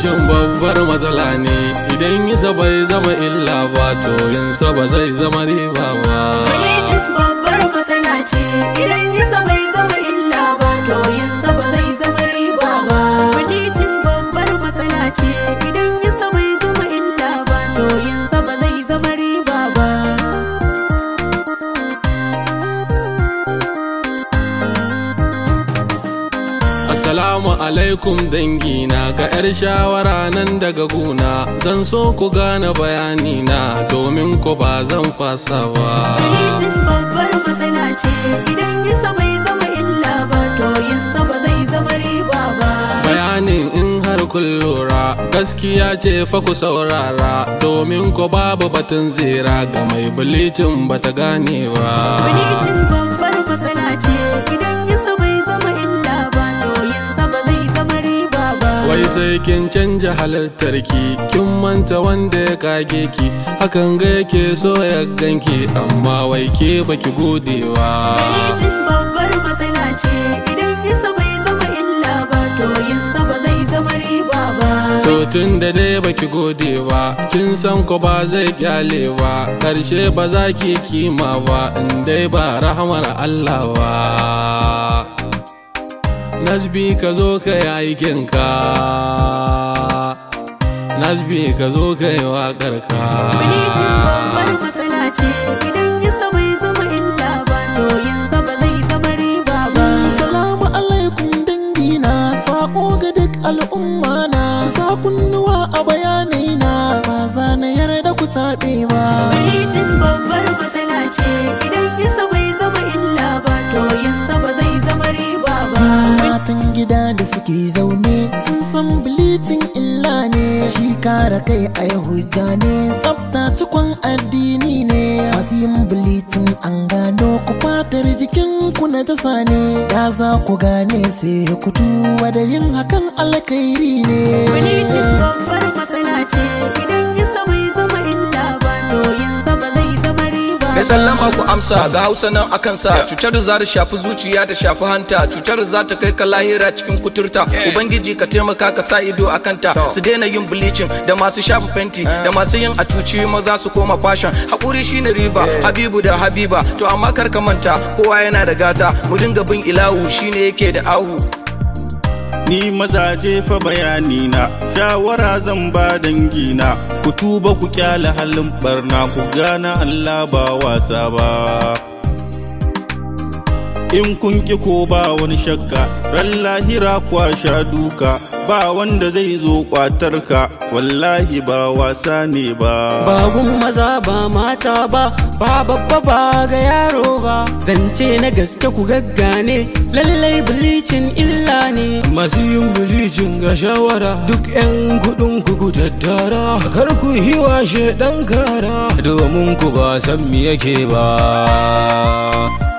cin babbar matsala ne idan isa bai zama illa ba to sa ba zai zama riba ba alaikum dangina ga 'yar shawara nan daga guna zan so ku gane bayanina domin ku ba zan fasa ba Alijin matsala ce idan zama illa ba to zai zama riba ba Bayanin in har kun lura gaskiya ce fa ku saurara domin ku babu batun zira ga mai bilicin bata gane ba Bilicin babbar matsala ce gidan sai kin canja ki kin manta wanda ya kage ki hakan ga yake so ya ganki amma wai ke baki godewa to tun da dai baki godewa kin san ko ba zai kyalewa karshe ba za ki kima ba in dai ba rahamar Allah ba nasbi ka zo ka yi aikinka nasbi ka zo ka yi waƙar ka matsala ce idan ya ya zama ba zai zama riba ba salamu alaikum dangina ga duk al'umma na sa kunnuwa a bayanai na ba za na yarda ku taɓe ba ke zaune sun san bilicin illa ne shi kara kai a ne tsafta cikon addini ne masu yin bilicin an gano ku fatar jikin ku na tasa ne ya za ku gane sai ku tuwa da yin hakan alkairi ne bilicin babban kai sallama ku amsa ga hausa nan akan sa cutar za ta shafi zuciya ta shafi hanta cutar za ta kai ka lahira cikin kuturta ubangiji ka taimaka ka sa ido akan ta su daina yin bleaching da masu shafa fenti da masu yin atuci cuci maza su koma fashion hakuri shine riba habibu da habiba to amma kar ka manta kowa yana da gata mu dinga bin ilahu shine yake da ahu ni mazaje fa bayani na shawara zan ba dangi na, ku tuba ku kyale halin barna ku gana Allah ba wasa ba in kun ki ko ba wani shakka ran lahira kwa sha duka ba wanda zai zo kwatarka, wallahi ba wasa ne ba babun maza ba mata ba ba babba ba ga yaro ba zance na gaske ku gaggane lallai bilicin illa ne masu yin bilicin ga shawara duk 'yan kudin ku tattara kar ku yi washe dan kara domin ku ba san me yake ba